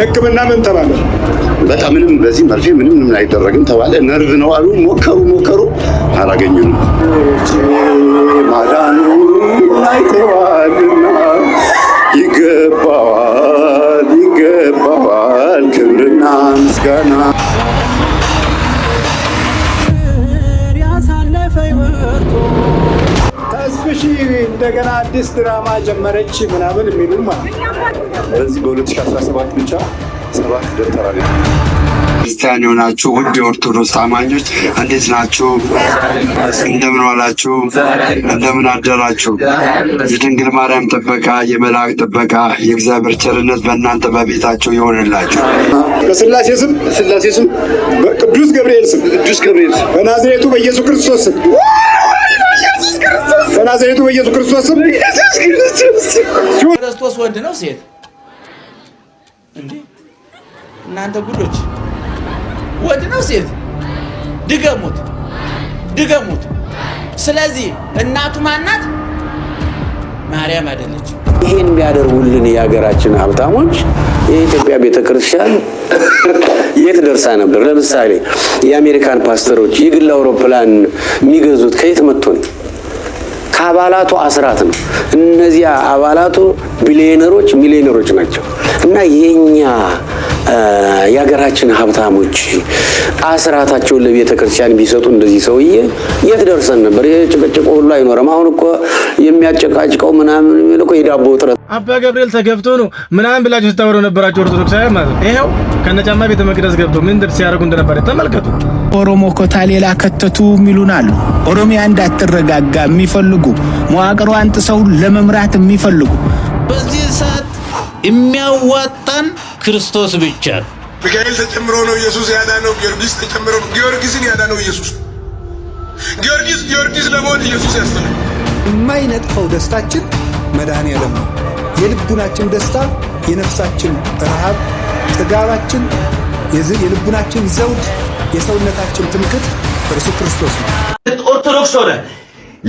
ህክምና ምን ተባለ? በቃ ምንም በዚህ መርፌ ምንም ምን አይደረግም ተባለ። ነርቭ ነው አሉ። ሞከሩ ሞከሩ አላገኙንም። ማዳኑ አይተዋልና ይገባዋል ይገባዋል ክብርና ምስጋና እሺ እንደገና አዲስ ድራማ ጀመረች ምናምን የሚሉ ማለት በዚህ በ2017 ብቻ ሰባት ደብተራ ክርስቲያን የሆናችሁ ውድ የኦርቶዶክስ አማኞች እንዴት ናችሁ? እንደምን ዋላችሁ? እንደምን አደራችሁ? የድንግል ማርያም ጥበቃ፣ የመልአክ ጥበቃ፣ የእግዚአብሔር ቸርነት በእናንተ በቤታቸው ይሆንላችሁ። በስላሴ ስም በስላሴ ስም በቅዱስ ገብርኤል ስም ቅዱስ ገብርኤል በናዝሬቱ በኢየሱስ ክርስቶስ ስም በናዝሬቱ በኢየሱስ ክርስቶስ ክርስቶስ ወንድ ነው ሴት? እንዴ እናንተ ጉዶች! ወንድ ነው ሴት? ድገሙት፣ ድገሙት። ስለዚህ እናቱ ማናት? ማርያም አይደለች። ይህን የሚያደርጉልን የሀገራችን ሀብታሞች የኢትዮጵያ ቤተክርስቲያን የት ደርሳ ነበር? ለምሳሌ የአሜሪካን ፓስተሮች የግል አውሮፕላን የሚገዙት ከየት መጥቶ ነው? አባላቱ አስራት ነው። እነዚያ አባላቱ ቢሊዮነሮች፣ ሚሊዮነሮች ናቸው እና የኛ የሀገራችን ሀብታሞች አስራታቸውን ለቤተ ክርስቲያን ቢሰጡ እንደዚህ ሰውዬ የት ደርሰን ነበር? ይህ ጭቅጭቁ ሁሉ አይኖረም። አሁን እኮ የሚያጨቃጭቀው ምናምን የሚል እኮ የዳቦ እጥረት አባ ገብርኤል ተገብቶ ነው ምናምን ብላችሁ ስታወረው ነበራችሁ ኦርቶዶክሳውያን ማለት ነው። ይኸው ከነጫማ ቤተ መቅደስ ገብቶ ምን ድር ሲያደርጉ እንደነበረ ተመልከቱ። ኦሮሞ ኮታ ሌላ ከተቱ የሚሉን አሉ። ኦሮሚያ እንዳትረጋጋ የሚፈልጉ መዋቅሮ አንጥ ሰው ለመምራት የሚፈልጉ በዚህ ሰዓት የሚያዋጣን ክርስቶስ ብቻ ነው። ሚካኤል ተጨምሮ ነው ኢየሱስ ያዳነው። ጊዮርጊስ ተጨምሮ ጊዮርጊስን ያዳነው ኢየሱስ ጊዮርጊስ ጊዮርጊስ ለመሆን ኢየሱስ ያስተላል የማይነጥፈው ደስታችን መድኃኔ ዓለም ነው። የልቡናችን ደስታ፣ የነፍሳችን ረሃብ፣ ጥጋባችን፣ የልቡናችን ዘውድ፣ የሰውነታችን ትምክት እርሱ ክርስቶስ ነው። ኦርቶዶክስ ሆነ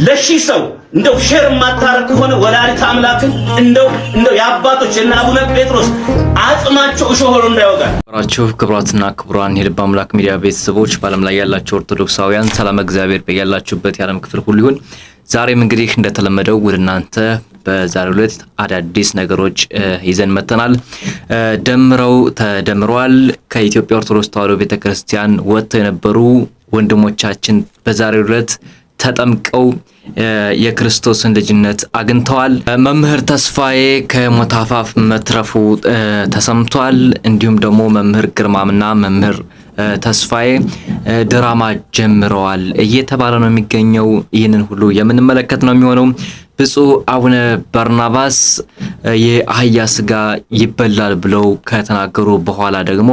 ለሺህ ሰው እንደው ሸር የማታረግ ከሆነ ወላዲተ አምላክን እንደው እንደው የአባቶች እና አቡነ ጴጥሮስ አጽማቸው እሾህ ሆኖ እንዳይወጋል። ራችሁ ክብራትና ክቡራን የልብ አምላክ ሚዲያ ቤተሰቦች በዓለም ላይ ያላቸው ኦርቶዶክሳውያን ሰላም እግዚአብሔር በያላችሁበት የዓለም ክፍል ሁሉ ይሁን። ዛሬም እንግዲህ እንደተለመደው ወደ እናንተ በዛሬው ዕለት አዳዲስ ነገሮች ይዘን መጥተናል። ደምረው ተደምረዋል። ከኢትዮጵያ ኦርቶዶክስ ተዋሕዶ ቤተክርስቲያን ወጥተው የነበሩ ወንድሞቻችን በዛሬው ዕለት ተጠምቀው የክርስቶስን ልጅነት አግኝተዋል። መምህር ተስፋዬ ከሞት አፋፍ መትረፉ ተሰምቷል። እንዲሁም ደግሞ መምህር ግርማምና መምህር ተስፋዬ ድራማ ጀምረዋል እየተባለ ነው የሚገኘው። ይህንን ሁሉ የምንመለከት ነው የሚሆነው። ብፁዕ አቡነ በርናባስ የአህያ ስጋ ይበላል ብለው ከተናገሩ በኋላ ደግሞ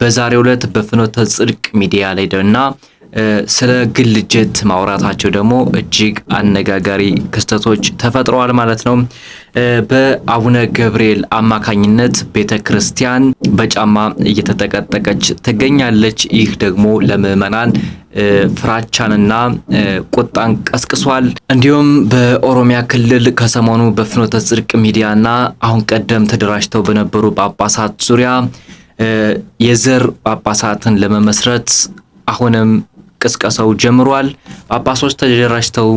በዛሬው ዕለት በፍኖተ ጽድቅ ሚዲያ ላይ እና ስለ ግል ጀት ማውራታቸው ደግሞ እጅግ አነጋጋሪ ክስተቶች ተፈጥረዋል ማለት ነው። በአቡነ ገብርኤል አማካኝነት ቤተ ክርስቲያን በጫማ እየተጠቀጠቀች ትገኛለች። ይህ ደግሞ ለምዕመናን ፍራቻንና ቁጣን ቀስቅሷል። እንዲሁም በኦሮሚያ ክልል ከሰሞኑ በፍኖተ ጽድቅ ሚዲያና አሁን ቀደም ተደራጅተው በነበሩ ጳጳሳት ዙሪያ የዘር ጳጳሳትን ለመመስረት አሁንም ቅስቀሳው ጀምሯል። ጳጳሶች ተደራጅተው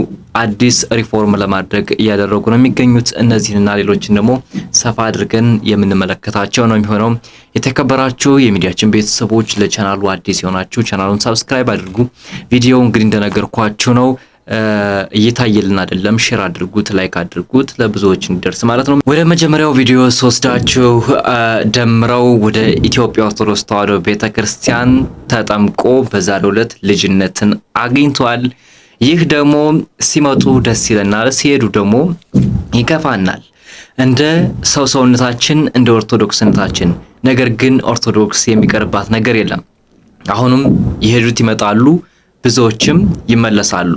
አዲስ ሪፎርም ለማድረግ እያደረጉ ነው የሚገኙት። እነዚህንና ሌሎችን ደግሞ ሰፋ አድርገን የምንመለከታቸው ነው የሚሆነው። የተከበራችሁ የሚዲያችን ቤተሰቦች፣ ለቻናሉ አዲስ የሆናችሁ ቻናሉን ሰብስክራይብ አድርጉ። ቪዲዮ እንግዲህ እንደነገርኳችሁ ነው እየታየልን አይደለም። ሼር አድርጉት፣ ላይክ አድርጉት ለብዙዎች እንዲደርስ ማለት ነው። ወደ መጀመሪያው ቪዲዮ ስወስዳችሁ ደምረው ወደ ኢትዮጵያ ኦርቶዶክስ ተዋሕዶ ቤተክርስቲያን ተጠምቆ በዛሬው ዕለት ልጅነትን አግኝቷል። ይህ ደግሞ ሲመጡ ደስ ይለናል፣ ሲሄዱ ደግሞ ይከፋናል። እንደ ሰው ሰውነታችን እንደ ኦርቶዶክስነታችን ነገር ግን ኦርቶዶክስ የሚቀርባት ነገር የለም። አሁንም የሄዱት ይመጣሉ፣ ብዙዎችም ይመለሳሉ።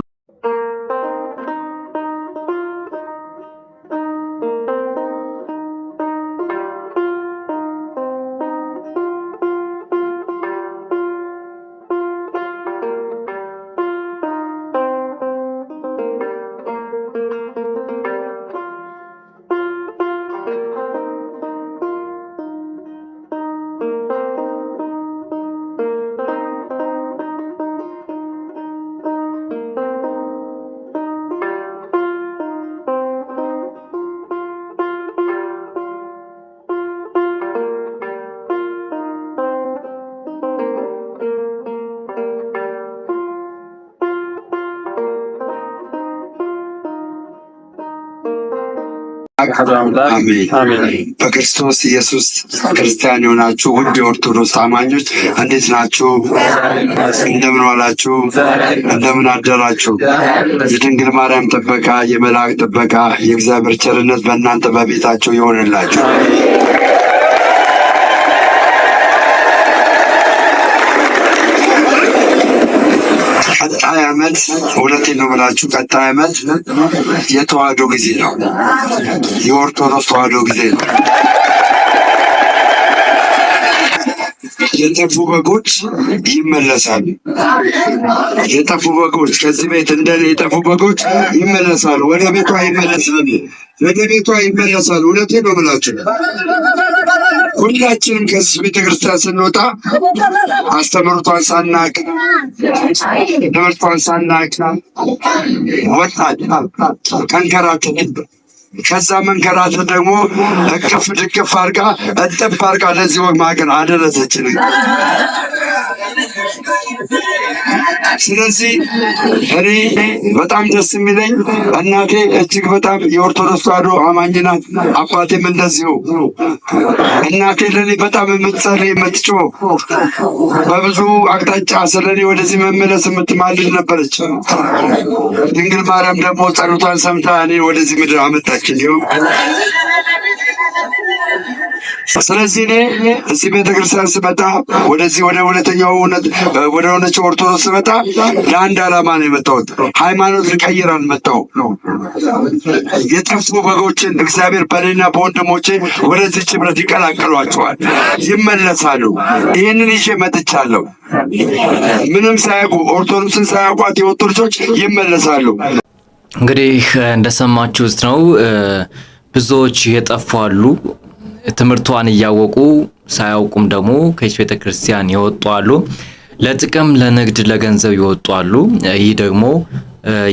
በክርስቶስ ኢየሱስ ክርስቲያን የሆናችሁ ውድ የኦርቶዶክስ አማኞች እንዴት ናችሁ? እንደምን ዋላችሁ? እንደምን አደራችሁ? የድንግል ማርያም ጥበቃ፣ የመልአክ ጥበቃ፣ የእግዚአብሔር ቸርነት በእናንተ በቤታችሁ ይሆንላችሁ። ቀጣይ አመት እውነቴ ነው ብላችሁ ቀጣይ አመት የተዋህዶ ጊዜ ነው፣ የኦርቶዶክስ ተዋህዶ ጊዜ ነው። የጠፉ በጎች ይመለሳሉ። የጠፉ በጎች ከዚህ ቤት እንደ የጠፉ በጎች ይመለሳሉ። ወደ ቤቷ ይመለሳሉ። ወደ ቤቷ ይመለሳሉ። እውነቴ ነው ብላችሁ ሁላችንም ከዚህ ቤተክርስቲያን ስንወጣ አስተምህሮቷን ሳናቅ ትምህርቷን ሳናቅ ወጣ ጠንከራችሁ ከዛ መንከራተት ደግሞ እቅፍ ድቅፍ አርጋ እጥፍ አርጋ ለዚህ ወግ ማገር አደረሰችን። ስለዚህ እኔ በጣም ደስ የሚለኝ እናቴ እጅግ በጣም የኦርቶዶክስ ተዋሕዶ አማኝ ናት፣ አባቴም እንደዚሁ። እናቴ ለእኔ በጣም የምትጸልይ የምትጮ በብዙ አቅጣጫ ስለእኔ ወደዚህ መመለስ የምትማልድ ነበረች። ድንግል ማርያም ደግሞ ጸሎቷን ሰምታ እኔ ወደዚህ ምድር አመጣች። ሰዎች ስለዚህ እኔ እዚህ ቤተክርስቲያን ስመጣ ወደዚህ ወደ እውነተኛው እውነት ወደ ሆነችው ኦርቶዶክስ ስመጣ ለአንድ ዓላማ ነው የመጣሁት። ሃይማኖት ልቀይር አልመጣሁም። የጠፉ በጎችን እግዚአብሔር በእኔና በወንድሞቼ ወደዚህ ኅብረት ይቀላቅሏቸዋል፣ ይመለሳሉ። ይህንን ይዤ መጥቻለሁ። ምንም ሳያውቁ ኦርቶዶክስን ሳያውቋት የወጡ ልጆች ይመለሳሉ። እንግዲህ እንደሰማችሁት ነው። ብዙዎች የጠፉ አሉ። ትምህርቷን እያወቁ ሳያውቁም ደግሞ ከች ቤተ ክርስቲያን የወጡ አሉ። ለጥቅም ለንግድ፣ ለገንዘብ የወጡ አሉ። ይህ ደግሞ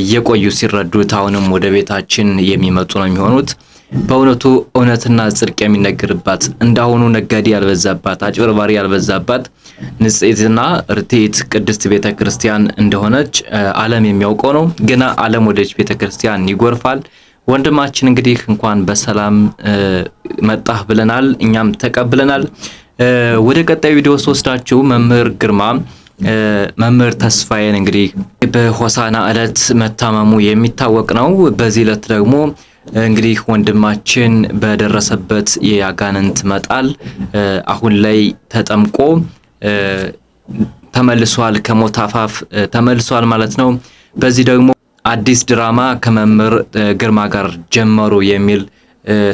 እየቆዩ ሲረዱት አሁንም ወደ ቤታችን የሚመጡ ነው የሚሆኑት። በእውነቱ እውነትና ጽድቅ የሚነገርባት እንዳሁኑ ነጋዴ ያልበዛባት፣ አጭበርባሪ ያልበዛባት ንጽሕትና ርቲት ቅድስት ቤተ ክርስቲያን እንደሆነች ዓለም የሚያውቀው ነው። ግና ዓለም ወደች ቤተ ክርስቲያን ይጎርፋል። ወንድማችን እንግዲህ እንኳን በሰላም መጣህ ብለናል፣ እኛም ተቀብለናል። ወደ ቀጣይ ቪዲዮ ስወስዳችሁ መምህር ግርማ መምህር ተስፋዬን እንግዲህ በሆሳና ዕለት መታመሙ የሚታወቅ ነው። በዚህ ዕለት ደግሞ እንግዲህ ወንድማችን በደረሰበት የአጋንንት መጣል አሁን ላይ ተጠምቆ ተመልሷል፣ ከሞት አፋፍ ተመልሷል ማለት ነው። በዚህ ደግሞ አዲስ ድራማ ከመምህር ግርማ ጋር ጀመሩ የሚል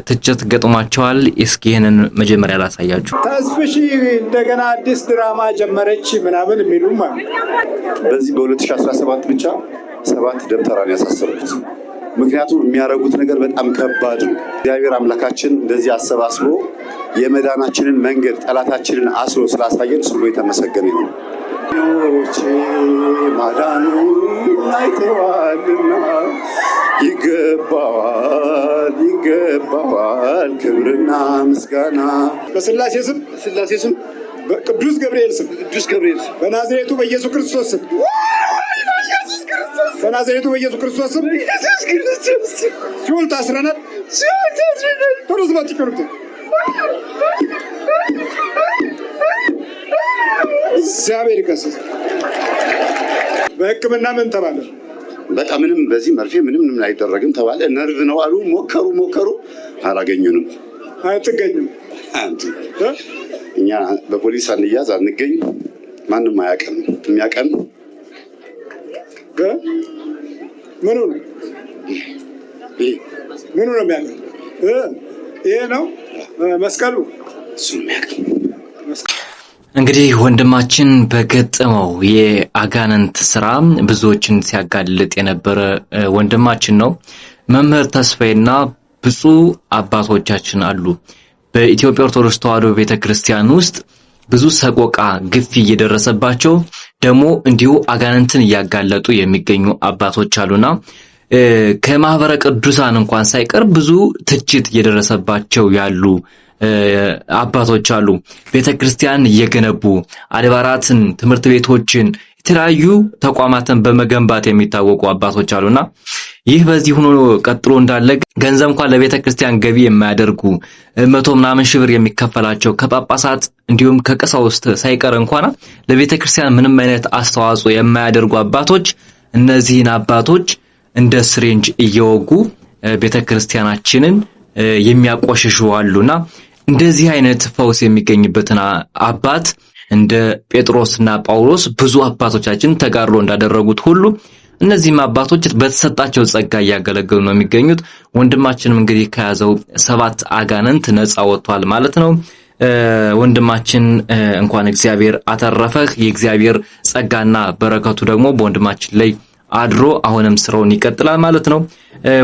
ትችት ገጥሟቸዋል። እስኪ ይህንን መጀመሪያ ላሳያችሁ። ተስፍሺ እንደገና አዲስ ድራማ ጀመረች ምናምን የሚሉም በዚህ በ2017 ብቻ ሰባት ደብተራ ያሳሰሩት። ምክንያቱም የሚያደርጉት ነገር በጣም ከባድ ነው። እግዚአብሔር አምላካችን እንደዚህ አሰባስቦ የመዳናችንን መንገድ ጠላታችንን አስሮ ስላሳየን ስሙ የተመሰገነ ይሁን። ኖሮቼ ማዳኑ አይተዋልና ይገባዋል ይገባዋል ክብርና ምስጋና በስላሴ ስም ስላሴ ስም በቅዱስ ገብርኤል ስም ቅዱስ ገብርኤል ስም በናዝሬቱ በኢየሱስ ክርስቶስ ስም በናዝሬቱ በኢየሱስ ክርስቶስ ስም ሲኦል ታስረናል። ሲኦል ታስረናል። ቶሎ ስባት ይቀርብት እግዚአብሔር ይቀስስ። በህክምና ምን ተባለ? በቃ ምንም በዚህ መርፌ ምንም ምንም አይደረግም ተባለ። ነርቭ ነው አሉ። ሞከሩ ሞከሩ፣ አላገኙንም። አትገኙም። እኛ በፖሊስ አንያዝ አንገኝ፣ ማንም አያውቅም። የሚያውቀን ምኑ ነው? ምኑ ነው የሚያውቀን? ይሄ ነው መስቀሉ። እንግዲህ ወንድማችን በገጠመው የአጋንንት ስራ ብዙዎችን ሲያጋልጥ የነበረ ወንድማችን ነው። መምህር ተስፋዬና ብፁዕ አባቶቻችን አሉ። በኢትዮጵያ ኦርቶዶክስ ተዋሕዶ ቤተ ክርስቲያን ውስጥ ብዙ ሰቆቃ፣ ግፊ እየደረሰባቸው ደግሞ እንዲሁ አጋንንትን እያጋለጡ የሚገኙ አባቶች አሉና ከማህበረ ቅዱሳን እንኳን ሳይቀር ብዙ ትችት እየደረሰባቸው ያሉ አባቶች አሉ። ቤተ ክርስቲያን እየገነቡ አድባራትን፣ ትምህርት ቤቶችን፣ የተለያዩ ተቋማትን በመገንባት የሚታወቁ አባቶች አሉና ይህ በዚህ ሆኖ ቀጥሎ እንዳለ ገንዘብ እንኳን ለቤተ ክርስቲያን ገቢ የማያደርጉ መቶ ምናምን ሽብር የሚከፈላቸው ከጳጳሳት እንዲሁም ከቀሳውስት ሳይቀር እንኳን ለቤተ ክርስቲያን ምንም አይነት አስተዋጽኦ የማያደርጉ አባቶች እነዚህን አባቶች እንደ ስሬንጅ እየወጉ ቤተክርስቲያናችንን የሚያቆሽሹ አሉና እንደዚህ አይነት ፈውስ የሚገኝበትን አባት እንደ ጴጥሮስና ጳውሎስ ብዙ አባቶቻችን ተጋድሎ እንዳደረጉት ሁሉ እነዚህም አባቶች በተሰጣቸው ጸጋ እያገለገሉ ነው የሚገኙት። ወንድማችንም እንግዲህ ከያዘው ሰባት አጋንንት ነፃ ወጥቷል ማለት ነው። ወንድማችን እንኳን እግዚአብሔር አተረፈህ። የእግዚአብሔር ጸጋና በረከቱ ደግሞ በወንድማችን ላይ አድሮ አሁንም ስራውን ይቀጥላል ማለት ነው።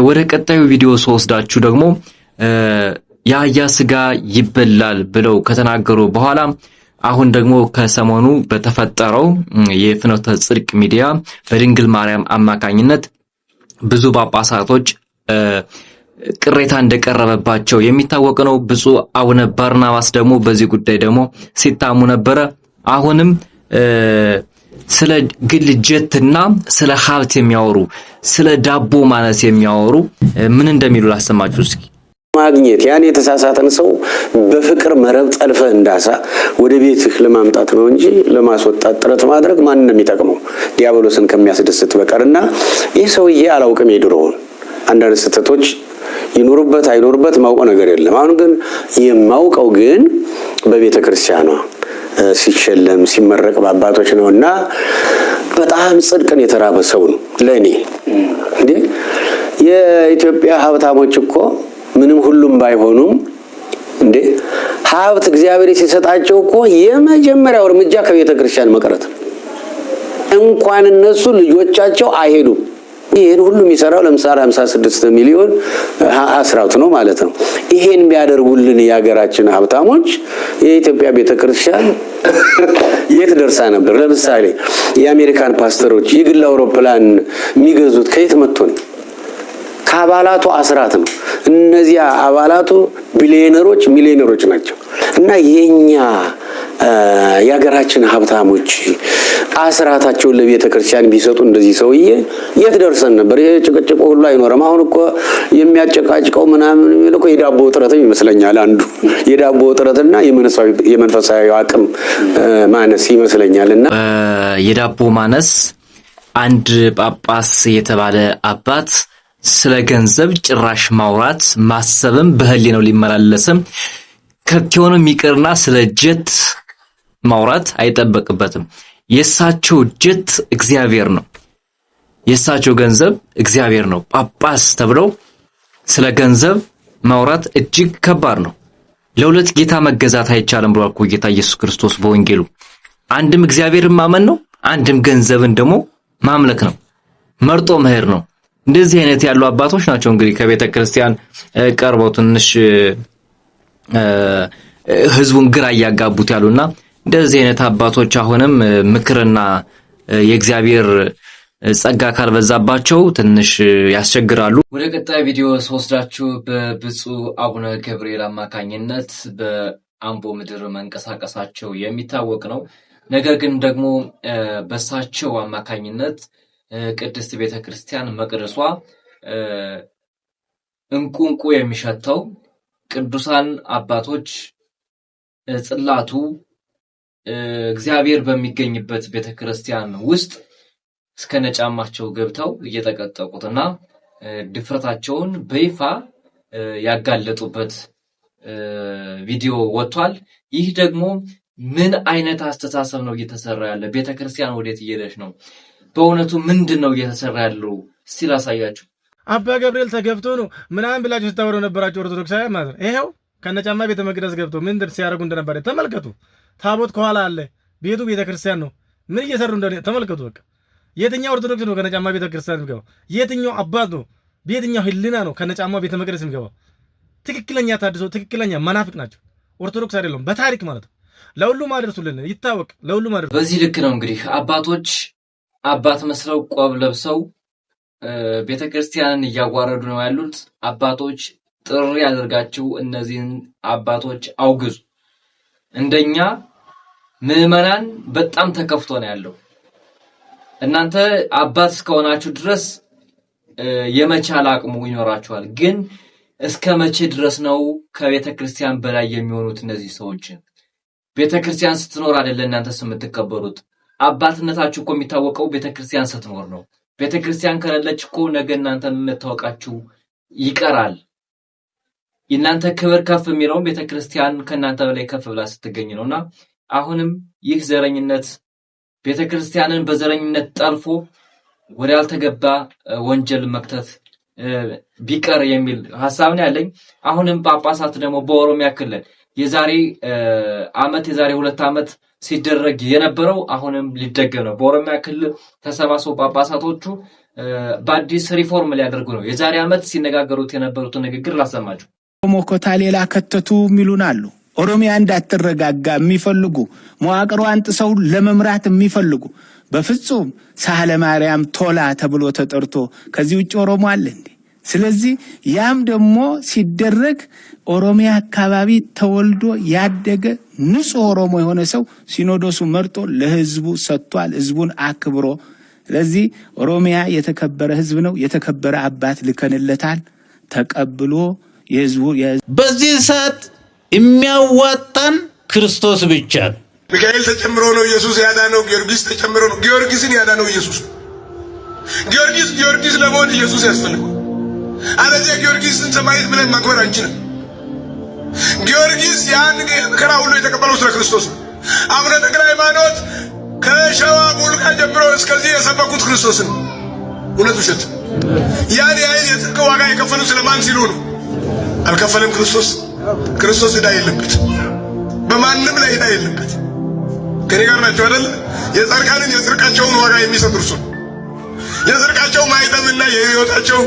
ወደ ቀጣዩ ቪዲዮ ስወስዳችሁ ደግሞ የአህያ ስጋ ይበላል ብለው ከተናገሩ በኋላ አሁን ደግሞ ከሰሞኑ በተፈጠረው የፍኖተ ጽድቅ ሚዲያ በድንግል ማርያም አማካኝነት ብዙ ጳጳሳቶች ቅሬታ እንደቀረበባቸው የሚታወቅ ነው። ብፁዕ አቡነ ባርናባስ ደግሞ በዚህ ጉዳይ ደግሞ ሲታሙ ነበረ። አሁንም ስለ ግል ጀትና ስለ ሀብት የሚያወሩ ስለ ዳቦ ማነስ የሚያወሩ ምን እንደሚሉ ላሰማችሁ እስኪ። ማግኘት ያን የተሳሳተን ሰው በፍቅር መረብ ጠልፈህ እንዳሳ ወደ ቤትህ ለማምጣት ነው እንጂ ለማስወጣት ጥረት ማድረግ ማንን ነው የሚጠቅመው? ዲያብሎስን ከሚያስደስት በቀርና ይህ ሰውዬ አላውቅም የድሮውን አንዳንድ ስህተቶች ይኖሩበት አይኖሩበት ማውቀው ነገር የለም። አሁን ግን የማውቀው ግን በቤተ ክርስቲያኗ ሲሸለም ሲመረቅ በአባቶች ነው እና በጣም ጽድቅን የተራበ ሰው ነው ለእኔ። እንዴ የኢትዮጵያ ሀብታሞች እኮ ምንም ሁሉም ባይሆኑም እንዴ ሀብት እግዚአብሔር ሲሰጣቸው እኮ የመጀመሪያው እርምጃ ከቤተ ክርስቲያን መቅረት እንኳን እነሱ ልጆቻቸው አይሄዱም። ይህን ሁሉ የሚሰራው ለምሳሌ 56 ሚሊዮን አስራት ነው ማለት ነው። ይሄን የሚያደርጉልን የሀገራችን ሀብታሞች የኢትዮጵያ ቤተክርስቲያን የት ደርሳ ነበር? ለምሳሌ የአሜሪካን ፓስተሮች የግል አውሮፕላን የሚገዙት ከየት መጥቶ ነው? ከአባላቱ አስራት ነው። እነዚያ አባላቱ ቢሊዮነሮች፣ ሚሊዮነሮች ናቸው እና የኛ የሀገራችን ሀብታሞች አስራታቸውን ለቤተ ክርስቲያን ቢሰጡ እንደዚህ ሰውዬ የት ደርሰን ነበር? ይሄ ጭቅጭቁ ሁሉ አይኖርም። አሁን እኮ የሚያጨቃጭቀው ምናምን የሚል እኮ የዳቦ እጥረትም ይመስለኛል። አንዱ የዳቦ እጥረትና የመንፈሳዊ አቅም ማነስ ይመስለኛል። እና የዳቦ ማነስ አንድ ጳጳስ የተባለ አባት ስለ ገንዘብ ጭራሽ ማውራት ማሰብም ነው ሊመላለስም ከኪሆንም ይቅርና ስለ ጀት ማውራት አይጠበቅበትም። የእሳቸው እጀት እግዚአብሔር ነው። የእሳቸው ገንዘብ እግዚአብሔር ነው። ጳጳስ ተብለው ስለ ገንዘብ ማውራት እጅግ ከባድ ነው። ለሁለት ጌታ መገዛት አይቻልም ብሏል እኮ ጌታ ኢየሱስ ክርስቶስ በወንጌሉ። አንድም እግዚአብሔርን ማመን ነው፣ አንድም ገንዘብን ደግሞ ማምለክ ነው፣ መርጦ መሄድ ነው። እንደዚህ አይነት ያሉ አባቶች ናቸው እንግዲህ ከቤተ ክርስቲያን ቀርበው ትንሽ ህዝቡን ግራ እያጋቡት ያሉና እንደዚህ አይነት አባቶች አሁንም ምክርና የእግዚአብሔር ጸጋ ካልበዛባቸው ትንሽ ያስቸግራሉ። ወደ ቀጣይ ቪዲዮ ስወስዳችሁ በብፁዕ አቡነ ገብርኤል አማካኝነት በአምቦ ምድር መንቀሳቀሳቸው የሚታወቅ ነው። ነገር ግን ደግሞ በሳቸው አማካኝነት ቅድስት ቤተ ክርስቲያን መቅደሷ እንቁንቁ የሚሸተው ቅዱሳን አባቶች ጽላቱ እግዚአብሔር በሚገኝበት ቤተክርስቲያን ውስጥ ነጫማቸው ገብተው እየጠቀጠቁት እና ድፍረታቸውን በይፋ ያጋለጡበት ቪዲዮ ወጥቷል። ይህ ደግሞ ምን አይነት አስተሳሰብ ነው እየተሰራ ያለ? ቤተክርስቲያን ወዴት እየሄደች ነው? በእውነቱ ምንድን ነው እየተሰራ ያለው? ሲል አሳያችሁ። አባ ገብርኤል ተገብቶ ነው ምናምን ብላችሁ ስታወረው ነበራችሁ ኦርቶዶክሳውያን ማለት ነው። ይኸው ከነጫማ ቤተ መቅደስ ገብቶ ምንድን ሲያደርጉ እንደነበረ ተመልከቱ። ታቦት ከኋላ አለ። ቤቱ ቤተ ክርስቲያን ነው። ምን እየሰሩ እንደሆነ ተመልከቱ። በቃ የትኛው ኦርቶዶክስ ነው ከነጫማ ቤተ ክርስቲያን የሚገባው? የትኛው አባት ነው በየትኛው ህልና ነው ከነጫማ ቤተ መቅደስ የሚገባው? ትክክለኛ ታድሶ ትክክለኛ መናፍቅ ናቸው። ኦርቶዶክስ አይደለም በታሪክ ማለት ነው። ለሁሉም አድርሱልን፣ ይታወቅ። ለሁሉም አድርሱ። በዚህ ልክ ነው እንግዲህ አባቶች አባት መስለው ቆብ ለብሰው ቤተ ክርስቲያንን እያዋረዱ ነው ያሉት። አባቶች ጥሪ አድርጋችሁ እነዚህን አባቶች አውግዙ። እንደኛ ምዕመናን በጣም ተከፍቶ ነው ያለው። እናንተ አባት እስከሆናችሁ ድረስ የመቻል አቅሙ ይኖራችኋል። ግን እስከ መቼ ድረስ ነው ከቤተ ክርስቲያን በላይ የሚሆኑት እነዚህ ሰዎች? ቤተ ክርስቲያን ስትኖር አይደለ እናንተ የምትከበሩት? አባትነታችሁ እኮ የሚታወቀው ቤተ ክርስቲያን ስትኖር ነው። ቤተ ክርስቲያን ከሌለች እኮ ነገ እናንተ የምታወቃችሁ ይቀራል። የእናንተ ክብር ከፍ የሚለውም ቤተክርስቲያን ከእናንተ በላይ ከፍ ብላ ስትገኝ ነው እና አሁንም ይህ ዘረኝነት ቤተክርስቲያንን በዘረኝነት ጠልፎ ወደ ያልተገባ ወንጀል መክተት ቢቀር የሚል ሀሳብ ነው ያለኝ። አሁንም ጳጳሳት ደግሞ በኦሮሚያ ክልል የዛሬ አመት የዛሬ ሁለት ዓመት ሲደረግ የነበረው አሁንም ሊደገም ነው። በኦሮሚያ ክልል ተሰባስበው ጳጳሳቶቹ በአዲስ ሪፎርም ሊያደርጉ ነው። የዛሬ ዓመት ሲነጋገሩት የነበሩትን ንግግር ላሰማችሁ። ሞኮታ ሌላ ከተቱ የሚሉን አሉ። ኦሮሚያ እንዳትረጋጋ የሚፈልጉ መዋቅሯን ጥሰው ለመምራት የሚፈልጉ በፍጹም ሳህለ ማርያም ቶላ ተብሎ ተጠርቶ ከዚህ ውጭ ኦሮሞ አለ እንዴ? ስለዚህ ያም ደግሞ ሲደረግ ኦሮሚያ አካባቢ ተወልዶ ያደገ ንጹሕ ኦሮሞ የሆነ ሰው ሲኖዶሱ መርጦ ለህዝቡ ሰጥቷል። ህዝቡን አክብሮ ስለዚህ ኦሮሚያ የተከበረ ህዝብ ነው። የተከበረ አባት ልከንለታል ተቀብሎ በዚህ ሰዓት የሚያዋጣን ክርስቶስ ብቻ ነው። ሚካኤል ተጨምሮ ነው ኢየሱስ ያዳነው። ጊዮርጊስ ተጨምሮ ነው ጊዮርጊስን ያዳነው ኢየሱስ። ጊዮርጊስ ጊዮርጊስ ለመሆን ኢየሱስ ያስፈልገው። አለዚያ ጊዮርጊስን ሰማዕት ብለን ማክበር አንችልም። ጊዮርጊስ ያን መከራ ሁሉ የተቀበለው ስለ ክርስቶስ ነው። አቡነ ተክለ ሃይማኖት ከሸዋ ቡልጋ ጀምሮ እስከዚህ የሰበኩት ክርስቶስን እውነት ውሸት ያን ያህል የጽድቅ ዋጋ የከፈሉ ስለማን ሲሉ ነው? አልከፈለም። ክርስቶስ ክርስቶስ ዕዳ የለበት፣ በማንም ላይ ዕዳ የለበት። ከኔ ጋር ናቸው አይደል? የጻድቃንን የጽድቃቸውን ዋጋ የሚሰጥ እርሱ የጽድቃቸው ማይጠምና የህይወታቸው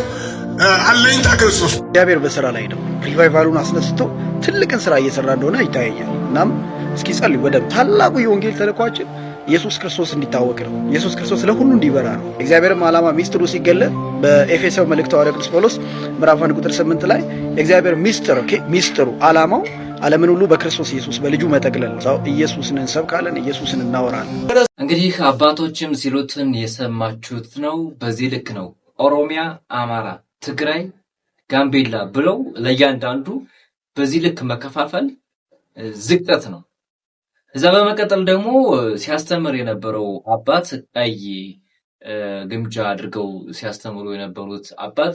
አለኝታ ክርስቶስ። እግዚአብሔር በስራ ላይ ነው። ሪቫይቫሉን አስነስቶ ትልቅን ስራ እየሰራ እንደሆነ ይታያል። እናም እስኪ ጸልዩ። ወደ ታላቁ የወንጌል ተልእኳችን ኢየሱስ ክርስቶስ እንዲታወቅ ነው። ኢየሱስ ክርስቶስ ለሁሉ እንዲበራ ነው። እግዚአብሔርም ዓላማ ሚስጥሩ ሲገለጥ በኤፌሶ መልእክት ሐዋርያው ቅዱስ ጳውሎስ ምዕራፍ 1 ቁጥር 8 ላይ እግዚአብሔር ሚስጥር ሚስጥሩ ዓላማው ዓለምን ሁሉ በክርስቶስ ኢየሱስ በልጁ መጠቅለል ነው። ኢየሱስን እንሰብካለን፣ ኢየሱስን እናወራለን። እንግዲህ አባቶችም ሲሉትን የሰማችሁት ነው። በዚህ ልክ ነው ኦሮሚያ፣ አማራ፣ ትግራይ፣ ጋምቤላ ብለው ለእያንዳንዱ በዚህ ልክ መከፋፈል ዝቅጠት ነው። እዛ በመቀጠል ደግሞ ሲያስተምር የነበረው አባት ቀይ ግምጃ አድርገው ሲያስተምሩ የነበሩት አባት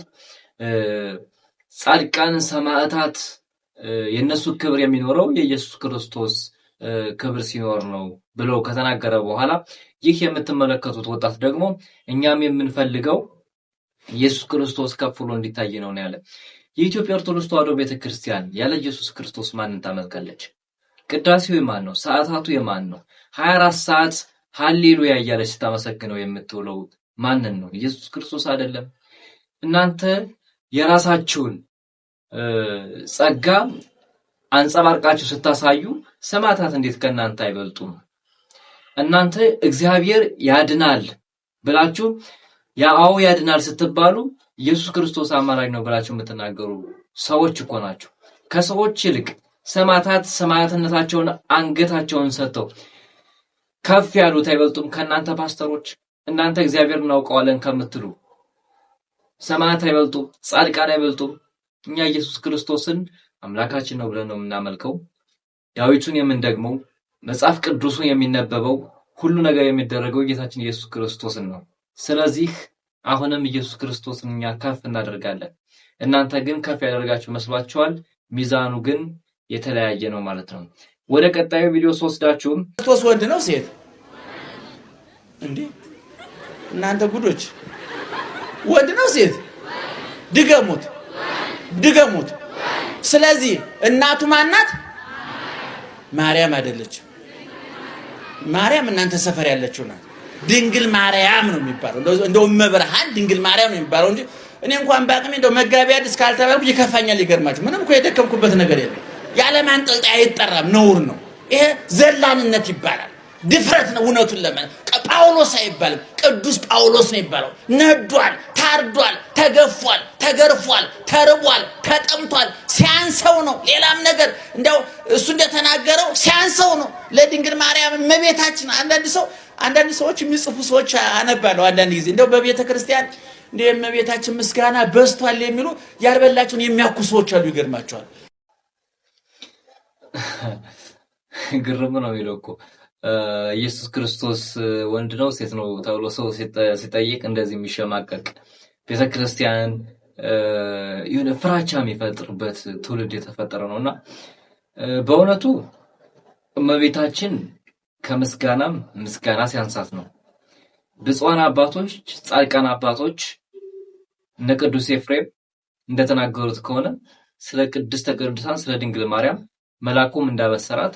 ጻድቃን፣ ሰማዕታት የእነሱ ክብር የሚኖረው የኢየሱስ ክርስቶስ ክብር ሲኖር ነው ብለው ከተናገረ በኋላ ይህ የምትመለከቱት ወጣት ደግሞ እኛም የምንፈልገው ኢየሱስ ክርስቶስ ከፍ ብሎ እንዲታይ ነው ያለ። የኢትዮጵያ ኦርቶዶክስ ተዋሕዶ ቤተክርስቲያን ያለ ኢየሱስ ክርስቶስ ማንን ታመልካለች? ቅዳሴው የማን ነው? ሰዓታቱ የማን ነው? ሀያ አራት ሰዓት ሀሌሉያ እያለች ስታመሰግነው የምትውለው ማንን ነው? ኢየሱስ ክርስቶስ አይደለም? እናንተ የራሳችሁን ጸጋ አንጸባርቃችሁ ስታሳዩ ሰማዕታት እንዴት ከእናንተ አይበልጡም? እናንተ እግዚአብሔር ያድናል ብላችሁ የአዎ ያድናል ስትባሉ ኢየሱስ ክርስቶስ አማላጅ ነው ብላችሁ የምትናገሩ ሰዎች እኮ ናችሁ። ከሰዎች ይልቅ ሰማዕታት ሰማዕትነታቸውን አንገታቸውን ሰጥተው ከፍ ያሉት አይበልጡም ከእናንተ ፓስተሮች እናንተ እግዚአብሔር እናውቀዋለን ከምትሉ ሰማዕት አይበልጡም፣ ጻድቃን አይበልጡም። እኛ ኢየሱስ ክርስቶስን አምላካችን ነው ብለን ነው የምናመልከው፣ ዳዊቱን የምንደግመው፣ መጽሐፍ ቅዱሱን የሚነበበው፣ ሁሉ ነገር የሚደረገው ጌታችን ኢየሱስ ክርስቶስን ነው። ስለዚህ አሁንም ኢየሱስ ክርስቶስን እኛ ከፍ እናደርጋለን። እናንተ ግን ከፍ ያደርጋችሁ መስሏችኋል። ሚዛኑ ግን የተለያየ ነው ማለት ነው። ወደ ቀጣዩ ቪዲዮ ስወስዳችሁም ቶስ ወንድ ነው ሴት እንዴ? እናንተ ጉዶች! ወንድ ነው ሴት? ድገሙት፣ ድገሙት። ስለዚህ እናቱ ማናት? ማርያም አይደለችም። ማርያም እናንተ ሰፈር ያለችው ናት። ድንግል ማርያም ነው የሚባለው። እንደው መብርሃን ድንግል ማርያም ነው የሚባለው እንጂ እኔ እንኳን በአቅሜ እንደው መጋቢያ እስካልተባልኩ ይከፋኛል። ይገርማችሁ፣ ምንም እኮ የደከምኩበት ነገር የለም። ያለ ማንጠልጠያ አይጠራም፣ ነውር ነው። ይሄ ዘላንነት ይባላል። ድፍረት ነው። እውነቱን ለመ ጳውሎስ አይባልም፣ ቅዱስ ጳውሎስ ነው ይባለው። ነዷል፣ ታርዷል፣ ተገፏል፣ ተገርፏል፣ ተርቧል፣ ተጠምቷል። ሲያንሰው ነው። ሌላም ነገር እንደው እሱ እንደተናገረው ሲያንሰው ነው። ለድንግል ማርያም እመቤታችን። አንዳንድ ሰው አንዳንድ ሰዎች የሚጽፉ ሰዎች አነባለሁ አንዳንድ ጊዜ እንደው በቤተ ክርስቲያን እንደ እመቤታችን ምስጋና በዝቷል የሚሉ ያልበላቸውን የሚያኩ ሰዎች አሉ። ይገርማቸዋል። ግርም ነው የሚለው እኮ ኢየሱስ ክርስቶስ ወንድ ነው ሴት ነው ተብሎ ሰው ሲጠይቅ እንደዚህ የሚሸማቀቅ ቤተ ክርስቲያን የሆነ ፍራቻ የሚፈጥርበት ትውልድ የተፈጠረ ነው እና በእውነቱ እመቤታችን ከምስጋናም ምስጋና ሲያንሳት ነው። ብፁዓን አባቶች፣ ጻድቃን አባቶች እነ ቅዱስ ኤፍሬም እንደተናገሩት ከሆነ ስለ ቅድስተ ቅዱሳን ስለ ድንግል ማርያም መላኩም እንዳበሰራት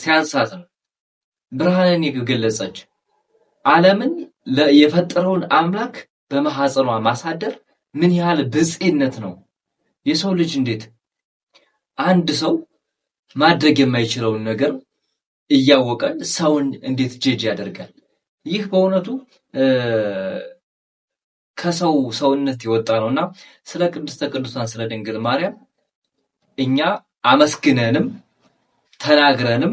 ሲያንሳት ነው ብርሃንን የገለጸች ዓለምን የፈጠረውን አምላክ በማሐፀኗ ማሳደር ምን ያህል ብፅዕነት ነው። የሰው ልጅ እንዴት አንድ ሰው ማድረግ የማይችለውን ነገር እያወቀ ሰውን እንዴት ጀጅ ያደርጋል? ይህ በእውነቱ ከሰው ሰውነት የወጣ ነው እና ስለ ቅድስተ ቅዱሳን ስለ ድንግል ማርያም እኛ አመስግነንም ተናግረንም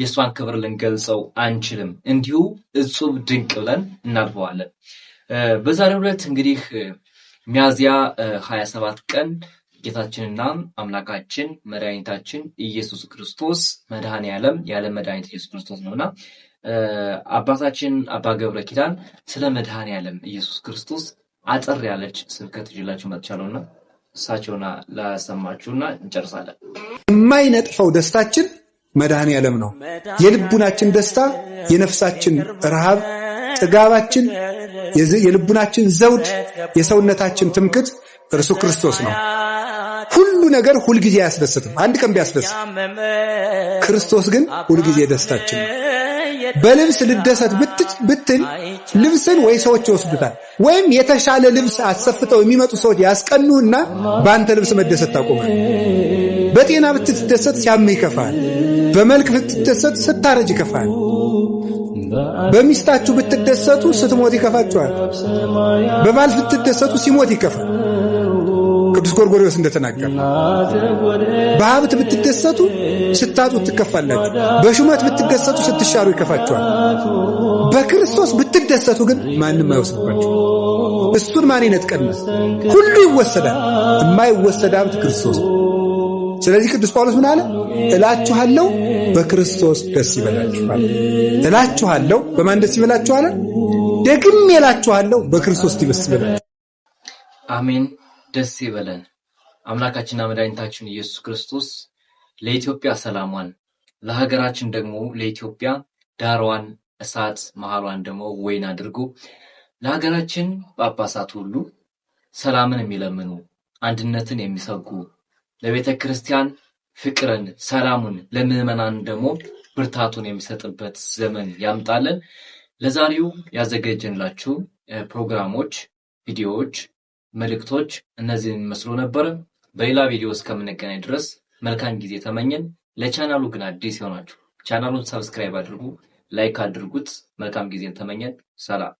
የእሷን ክብር ልንገልጸው አንችልም። እንዲሁ እጹብ ድንቅ ብለን እናልፈዋለን። በዛሬው ዕለት እንግዲህ ሚያዝያ 27 ቀን ጌታችንና አምላካችን መድኃኒታችን ኢየሱስ ክርስቶስ መድኃኔ ዓለም ያለ መድኃኒት ኢየሱስ ክርስቶስ ነውና አባታችን አባ ገብረ ኪዳን ስለ መድኃኔ ዓለም ኢየሱስ ክርስቶስ አጠር ያለች ስብከት ይዤላችሁ መጥቻለሁና እሳቸውና ላሰማችሁና እንጨርሳለን። የማይነጥፈው ደስታችን መድኃኔ ዓለም ነው። የልቡናችን ደስታ፣ የነፍሳችን ረሃብ፣ ጥጋባችን፣ የልቡናችን ዘውድ፣ የሰውነታችን ትምክት እርሱ ክርስቶስ ነው። ሁሉ ነገር ሁልጊዜ አያስደስትም። አንድ ቀን ቢያስደስት፣ ክርስቶስ ግን ሁልጊዜ ደስታችን ነው። በልብስ ልደሰት ብትል ልብስን ወይ ሰዎች ይወስዱታል፣ ወይም የተሻለ ልብስ አሰፍተው የሚመጡ ሰዎች ያስቀኑና በአንተ ልብስ መደሰት ታቆማል። በጤና ብትደሰት ሲያምህ ይከፋል። በመልክ ብትደሰት ስታረጅ ይከፋል። በሚስታችሁ ብትደሰቱ ስትሞት ይከፋችኋል። በባል ብትደሰቱ ሲሞት ይከፋል። ቅዱስ ጎርጎሪዎስ እንደተናገር በሀብት ብትደሰቱ ስታጡ ትከፋላችሁ፣ በሹመት ብትደሰቱ ስትሻሩ ይከፋችኋል። በክርስቶስ ብትደሰቱ ግን ማንም አይወስድባችሁ። እሱን ማን ይነጥቀናል? ሁሉ ይወሰዳል። የማይወሰድ ሀብት ክርስቶስ ስለዚህ ቅዱስ ጳውሎስ ምን አለ? እላችኋለሁ በክርስቶስ ደስ ይበላችኋል። እላችኋለሁ በማን ደስ ይበላችኋል? ደግም እላችኋለሁ በክርስቶስ ደስ ይበላችኋል። አሜን። ደስ ይበለን። አምላካችንና መድኃኒታችን ኢየሱስ ክርስቶስ ለኢትዮጵያ ሰላሟን ለሀገራችን ደግሞ ለኢትዮጵያ ዳሯን እሳት መሃሏን ደግሞ ወይን አድርጎ ለሀገራችን ጳጳሳት ሁሉ ሰላምን የሚለምኑ አንድነትን የሚሰጉ ለቤተ ክርስቲያን ፍቅርን፣ ሰላሙን ለምዕመናን ደግሞ ብርታቱን የሚሰጥበት ዘመን ያምጣለን። ለዛሬው ያዘጋጀንላችሁ ፕሮግራሞች፣ ቪዲዮዎች መልዕክቶች እነዚህን ይመስሉ ነበር። በሌላ ቪዲዮ እስከምንገናኝ ድረስ መልካም ጊዜ ተመኘን። ለቻናሉ ግን አዲስ የሆናችሁ ቻናሉን ሰብስክራይብ አድርጉ፣ ላይክ አድርጉት። መልካም ጊዜን ተመኘን። ሰላም